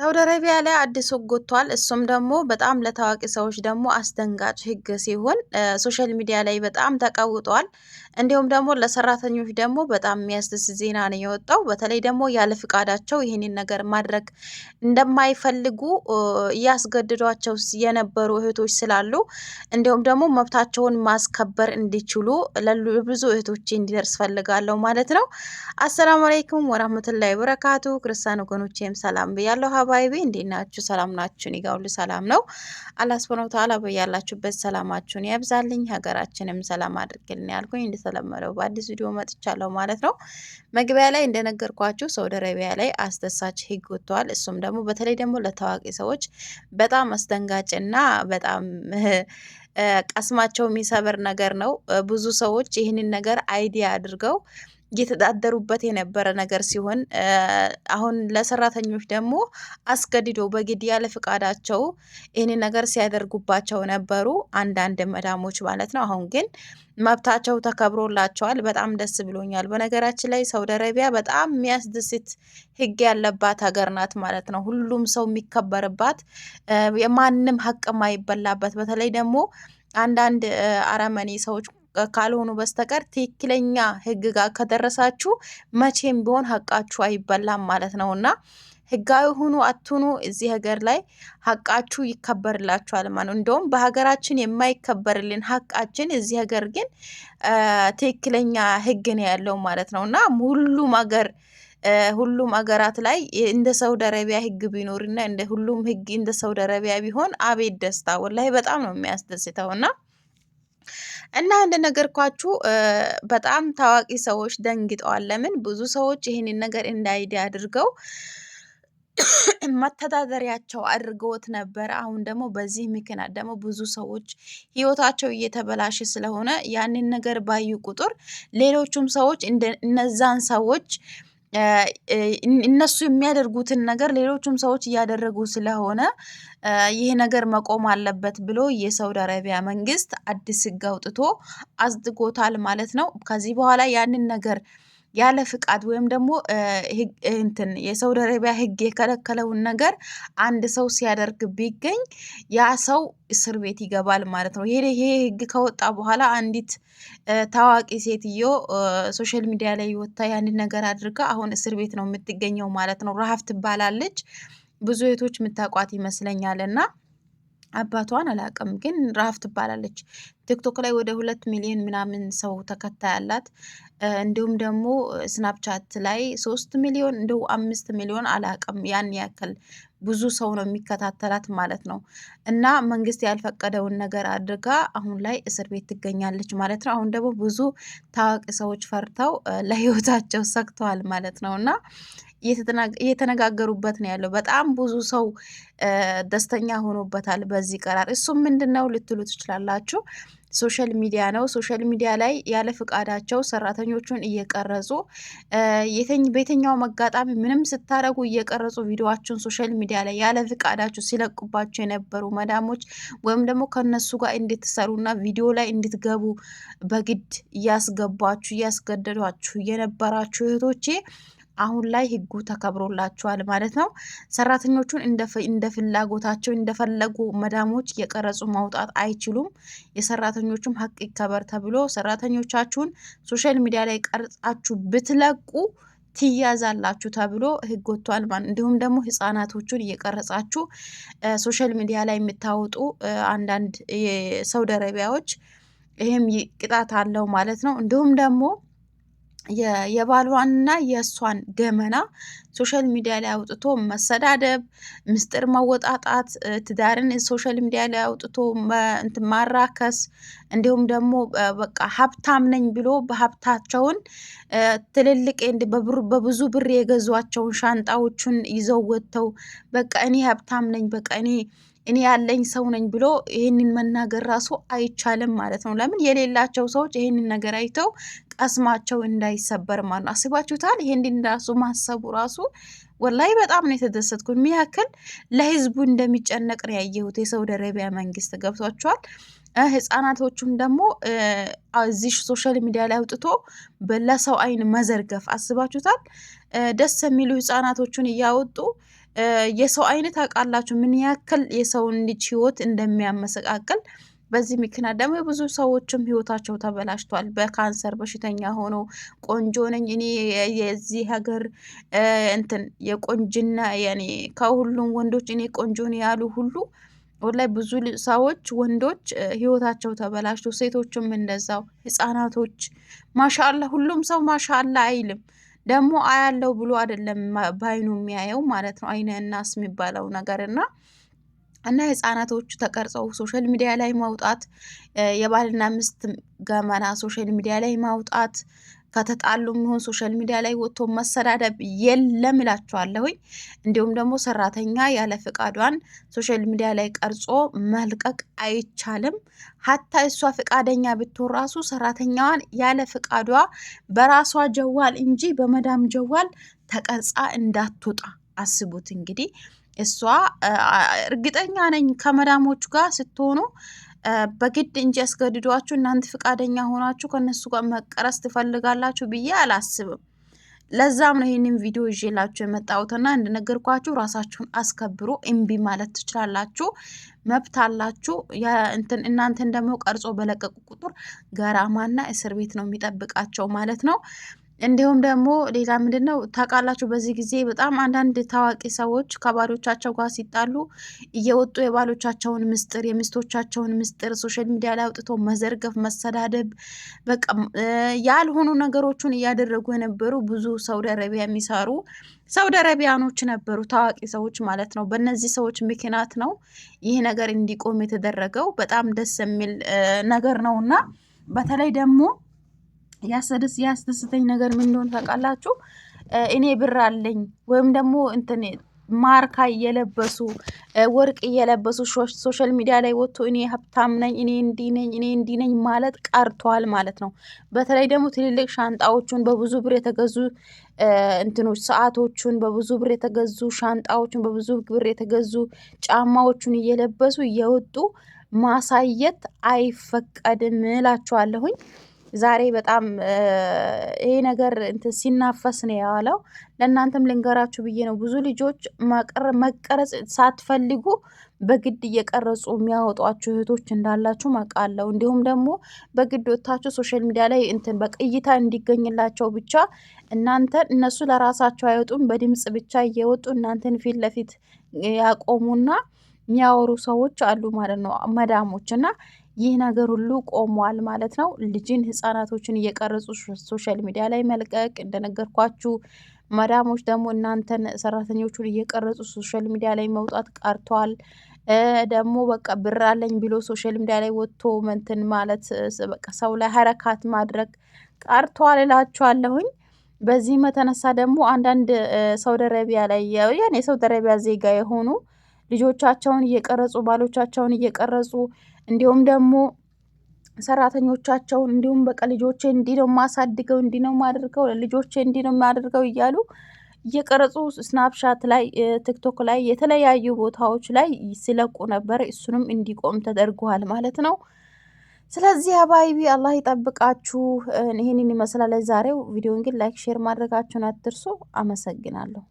ሳውዲ አረቢያ ላይ አዲስ ሕግ ወጥቷል። እሱም ደግሞ በጣም ለታዋቂ ሰዎች ደግሞ አስደንጋጭ ህግ ሲሆን ሶሻል ሚዲያ ላይ በጣም ተቀውጧል። እንዲሁም ደግሞ ለሰራተኞች ደግሞ በጣም የሚያስደስ ዜና ነው የወጣው። በተለይ ደግሞ ያለ ፍቃዳቸው ይህንን ነገር ማድረግ እንደማይፈልጉ እያስገድዷቸው የነበሩ እህቶች ስላሉ እንዲሁም ደግሞ መብታቸውን ማስከበር እንዲችሉ ለብዙ እህቶች እንዲደርስ ፈልጋለሁ ማለት ነው። አሰላሙ አለይኩም ወራህመቱላሂ ወበረካቱ። ክርስቲያን ወገኖቼም ሰላም ብያለሁ። ሀባይቤ እንዴት ናችሁ? ሰላም ናችሁ? እኔ ጋ ሁሉ ሰላም ነው። አላህ ሱብሐነሁ ወተዓላ በያላችሁበት ሰላማችሁን ያብዛልኝ፣ ሀገራችንም ሰላም አድርግልን ያልኩኝ እንደተለመደው በአዲስ ቪዲዮ መጥቻለሁ ማለት ነው። መግቢያ ላይ እንደነገርኳችሁ ሳውዲ አረቢያ ላይ አስደሳች ህግ ወጥቷል። እሱም ደግሞ በተለይ ደግሞ ለታዋቂ ሰዎች በጣም አስደንጋጭና በጣም ቀስማቸው የሚሰብር ነገር ነው። ብዙ ሰዎች ይህንን ነገር አይዲያ አድርገው እየተዳደሩበት የነበረ ነገር ሲሆን አሁን ለሰራተኞች ደግሞ አስገድዶ በግድ ያለ ፍቃዳቸው ይህን ነገር ሲያደርጉባቸው ነበሩ፣ አንዳንድ መዳሞች ማለት ነው። አሁን ግን መብታቸው ተከብሮላቸዋል። በጣም ደስ ብሎኛል። በነገራችን ላይ ሳውዲ አረቢያ በጣም የሚያስደስት ሕግ ያለባት ሀገር ናት ማለት ነው። ሁሉም ሰው የሚከበርባት የማንም ሀቅ የማይበላበት በተለይ ደግሞ አንዳንድ አረመኔ ሰዎች ካልሆኑ በስተቀር ትክክለኛ ህግ ጋር ከደረሳችሁ መቼም ቢሆን ሀቃችሁ አይበላም ማለት ነው እና ህጋዊ ሁኑ አትኑ እዚህ ሀገር ላይ ሀቃችሁ ይከበርላችኋል ማለት ነው። እንደውም በሀገራችን የማይከበርልን ሀቃችን እዚህ ሀገር ግን ትክክለኛ ህግ ነው ያለው ማለት ነው እና ሁሉም ሀገር ሁሉም ሀገራት ላይ እንደ ሳውዲ አረቢያ ህግ ቢኖርና እንደ ሁሉም ህግ እንደ ሳውዲ አረቢያ ቢሆን አቤት ደስታ ወላሂ በጣም ነው የሚያስደስተው እና እና እንደነገርኳችሁ በጣም ታዋቂ ሰዎች ደንግጠዋል። ለምን ብዙ ሰዎች ይህንን ነገር እንዳይዲ አድርገው መተዳደሪያቸው አድርገውት ነበረ። አሁን ደግሞ በዚህ ምክንያት ደግሞ ብዙ ሰዎች ህይወታቸው እየተበላሸ ስለሆነ ያንን ነገር ባዩ ቁጥር ሌሎቹም ሰዎች እነዛን ሰዎች እነሱ የሚያደርጉትን ነገር ሌሎቹም ሰዎች እያደረጉ ስለሆነ ይህ ነገር መቆም አለበት ብሎ የሳውዲ አረቢያ መንግስት አዲስ ህግ አውጥቶ አጽድቆታል ማለት ነው። ከዚህ በኋላ ያንን ነገር ያለ ፍቃድ ወይም ደግሞ እንትን የሳውዲ አረቢያ ህግ የከለከለውን ነገር አንድ ሰው ሲያደርግ ቢገኝ ያ ሰው እስር ቤት ይገባል ማለት ነው። ይሄ ይሄ ህግ ከወጣ በኋላ አንዲት ታዋቂ ሴትዮ ሶሻል ሚዲያ ላይ ወጥታ ያን ነገር አድርጋ አሁን እስር ቤት ነው የምትገኘው ማለት ነው። ረሃፍ ትባላለች። ብዙ እህቶች የምታውቋት ይመስለኛል እና አባቷን አላውቅም ግን ራፍ ትባላለች። ቲክቶክ ላይ ወደ ሁለት ሚሊዮን ምናምን ሰው ተከታይ ያላት እንዲሁም ደግሞ ስናፕቻት ላይ ሶስት ሚሊዮን እንደው አምስት ሚሊዮን አላውቅም። ያን ያክል ብዙ ሰው ነው የሚከታተላት ማለት ነው። እና መንግስት ያልፈቀደውን ነገር አድርጋ አሁን ላይ እስር ቤት ትገኛለች ማለት ነው። አሁን ደግሞ ብዙ ታዋቂ ሰዎች ፈርተው ለህይወታቸው ሰግተዋል ማለት ነው እና እየተነጋገሩበት ነው ያለው። በጣም ብዙ ሰው ደስተኛ ሆኖበታል በዚህ ቀራር። እሱም ምንድን ነው ልትሉ ትችላላችሁ። ሶሻል ሚዲያ ነው። ሶሻል ሚዲያ ላይ ያለ ፍቃዳቸው ሰራተኞቹን እየቀረጹ በየትኛውም መጋጣሚ ምንም ስታደርጉ እየቀረጹ ቪዲዮዋቸውን ሶሻል ሚዲያ ላይ ያለ ፍቃዳቸው ሲለቁባቸው የነበሩ መዳሞች ወይም ደግሞ ከነሱ ጋር እንድትሰሩና ቪዲዮ ላይ እንድትገቡ በግድ እያስገባችሁ እያስገደዷችሁ የነበራችሁ እህቶቼ አሁን ላይ ህጉ ተከብሮላቸዋል ማለት ነው። ሰራተኞቹን እንደ ፍላጎታቸው እንደፈለጉ መዳሞች የቀረጹ ማውጣት አይችሉም። የሰራተኞቹም ሀቅ ይከበር ተብሎ ሰራተኞቻችሁን ሶሻል ሚዲያ ላይ ቀርጻችሁ ብትለቁ ትያዛላችሁ ተብሎ ህግ ወጥቷል ማለት እንዲሁም ደግሞ ህጻናቶቹን እየቀረጻችሁ ሶሻል ሚዲያ ላይ የምታወጡ አንዳንድ የሳውዲ አረቢያዎች ይህም ቅጣት አለው ማለት ነው። እንዲሁም ደግሞ የባሏንና የእሷን ገመና ሶሻል ሚዲያ ላይ አውጥቶ መሰዳደብ፣ ምስጢር መወጣጣት፣ ትዳርን ሶሻል ሚዲያ ላይ አውጥቶ ማራከስ፣ እንዲሁም ደግሞ በቃ ሀብታም ነኝ ብሎ በሀብታቸውን ትልልቅ በብዙ ብር የገዟቸውን ሻንጣዎቹን ይዘው ወጥተው በቃ እኔ ሀብታም ነኝ በቃ እኔ እኔ ያለኝ ሰው ነኝ ብሎ ይህንን መናገር ራሱ አይቻልም ማለት ነው። ለምን የሌላቸው ሰዎች ይህንን ነገር አይተው ቀስማቸው እንዳይሰበር ማለት ነው። አስባችሁታል? ይህንን ራሱ ማሰቡ ራሱ ወላይ በጣም ነው የተደሰትኩ። ምን ያክል ለህዝቡ እንደሚጨነቅ ነው ያየሁት የሳውዲ አረቢያ መንግስት። ገብቷቸዋል። ህጻናቶቹም ደግሞ እዚህ ሶሻል ሚዲያ ላይ አውጥቶ ለሰው አይን መዘርገፍ አስባችሁታል? ደስ የሚሉ ህጻናቶቹን እያወጡ የሰው አይነት ታውቃላችሁ ምን ያክል የሰውን ልጅ ህይወት እንደሚያመሰቃቅል። በዚህ ምክንያት ደግሞ ብዙ ሰዎችም ህይወታቸው ተበላሽቷል። በካንሰር በሽተኛ ሆኖ ቆንጆ ነኝ እኔ የዚህ ሀገር እንትን የቆንጅና ያኔ ከሁሉም ወንዶች እኔ ቆንጆ ነኝ ያሉ ሁሉ ወላሂ ብዙ ሰዎች ወንዶች ህይወታቸው ተበላሽቶ፣ ሴቶችም እንደዛው፣ ህጻናቶች ማሻላ ሁሉም ሰው ማሻላ አይልም። ደግሞ አያለው ብሎ አይደለም በአይኑ የሚያየው ማለት ነው። አይነ እናስ የሚባለው ነገር እና እና ህጻናቶቹ ተቀርጸው ሶሻል ሚዲያ ላይ ማውጣት የባልና ሚስት ገመና ሶሻል ሚዲያ ላይ ማውጣት ከተጣሉም ይሁን ሶሻል ሚዲያ ላይ ወጥቶ መሰዳደብ የለም እላችኋለሁኝ። እንዲሁም ደግሞ ሰራተኛ ያለ ፍቃዷን ሶሻል ሚዲያ ላይ ቀርጾ መልቀቅ አይቻልም። ሀታ እሷ ፍቃደኛ ብትሆን ራሱ ሰራተኛዋን ያለ ፍቃዷ በራሷ ጀዋል እንጂ በመዳም ጀዋል ተቀርጻ እንዳትወጣ አስቡት እንግዲህ እሷ እርግጠኛ ነኝ ከመዳሞቹ ጋር ስትሆኑ በግድ እንጂ ያስገድዷችሁ እናንተ ፍቃደኛ ሆናችሁ ከነሱ ጋር መቀረስ ትፈልጋላችሁ ብዬ አላስብም። ለዛም ነው ይህንን ቪዲዮ ይዤላችሁ የመጣሁትና እንደነገርኳችሁ ራሳችሁን አስከብሩ። እምቢ ማለት ትችላላችሁ፣ መብት አላችሁ። እናንተን ደግሞ ቀርጾ በለቀቁ ቁጥር ገራማና እስር ቤት ነው የሚጠብቃቸው ማለት ነው። እንዲሁም ደግሞ ሌላ ምንድን ነው ታውቃላችሁ፣ በዚህ ጊዜ በጣም አንዳንድ ታዋቂ ሰዎች ከባሎቻቸው ጋር ሲጣሉ እየወጡ የባሎቻቸውን ምስጢር የሚስቶቻቸውን ምስጢር ሶሻል ሚዲያ ላይ አውጥቶ መዘርገፍ፣ መሰዳደብ፣ በቃ ያልሆኑ ነገሮችን እያደረጉ የነበሩ ብዙ ሳውዲ አረቢያ የሚሰሩ ሳውዲ አረቢያኖች ነበሩ፣ ታዋቂ ሰዎች ማለት ነው። በእነዚህ ሰዎች ምክንያት ነው ይህ ነገር እንዲቆም የተደረገው። በጣም ደስ የሚል ነገር ነው እና በተለይ ደግሞ ያሰደስ ያስደስተኝ ነገር ምን እንደሆነ ታውቃላችሁ? እኔ ብር አለኝ ወይም ደግሞ እንትን ማርካ እየለበሱ ወርቅ እየለበሱ ሶሻል ሚዲያ ላይ ወጥቶ እኔ ሀብታም ነኝ፣ እኔ እንዲህ ነኝ፣ እኔ እንዲህ ነኝ ማለት ቀርቷል ማለት ነው። በተለይ ደግሞ ትልልቅ ሻንጣዎቹን በብዙ ብር የተገዙ እንትኖች ሰዓቶቹን በብዙ ብር የተገዙ ሻንጣዎቹን በብዙ ብር የተገዙ ጫማዎቹን እየለበሱ እየወጡ ማሳየት አይፈቀድም እላችኋለሁኝ። ዛሬ በጣም ይሄ ነገር እንትን ሲናፈስ ነው የዋለው። ለእናንተም ልንገራችሁ ብዬ ነው። ብዙ ልጆች መቀረጽ ሳትፈልጉ በግድ እየቀረጹ የሚያወጧችሁ እህቶች እንዳላችሁ ማቃለው። እንዲሁም ደግሞ በግድ ወታችሁ ሶሻል ሚዲያ ላይ እንትን በቅይታ እንዲገኝላቸው ብቻ እናንተ እነሱ ለራሳቸው አይወጡም። በድምፅ ብቻ እየወጡ እናንተን ፊት ለፊት ያቆሙና የሚያወሩ ሰዎች አሉ ማለት ነው መዳሞች እና ይህ ነገር ሁሉ ቆሟል ማለት ነው። ልጅን ህጻናቶችን እየቀረጹ ሶሻል ሚዲያ ላይ መልቀቅ እንደነገርኳችሁ መዳሞች ደግሞ እናንተን ሰራተኞቹን እየቀረጹ ሶሻል ሚዲያ ላይ መውጣት ቀርቷል። ደግሞ በቃ ብር አለኝ ብሎ ሶሻል ሚዲያ ላይ ወጥቶ መንትን ማለት በቃ ሰው ላይ ሀረካት ማድረግ ቀርቷል እላችኋለሁኝ። በዚህም የተነሳ ደግሞ አንዳንድ ሳውዲ አረቢያ ላይ የሳውዲ አረቢያ ዜጋ የሆኑ ልጆቻቸውን እየቀረጹ ባሎቻቸውን እየቀረጹ እንዲሁም ደግሞ ሰራተኞቻቸውን እንዲሁም በቃ ልጆቼ እንዲህ ነው የማሳድገው እንዲህ ነው የማደርገው ልጆቼ እንዲህ ነው የማደርገው እያሉ እየቀረጹ ስናፕሻት ላይ ቲክቶክ ላይ የተለያዩ ቦታዎች ላይ ሲለቁ ነበር። እሱንም እንዲቆም ተደርጓል ማለት ነው። ስለዚህ አባይቢ አላህ ይጠብቃችሁ። ይህንን ይመስላል ዛሬው ቪዲዮን ግን ላይክ ሼር ማድረጋችሁን አትርሱ። አመሰግናለሁ።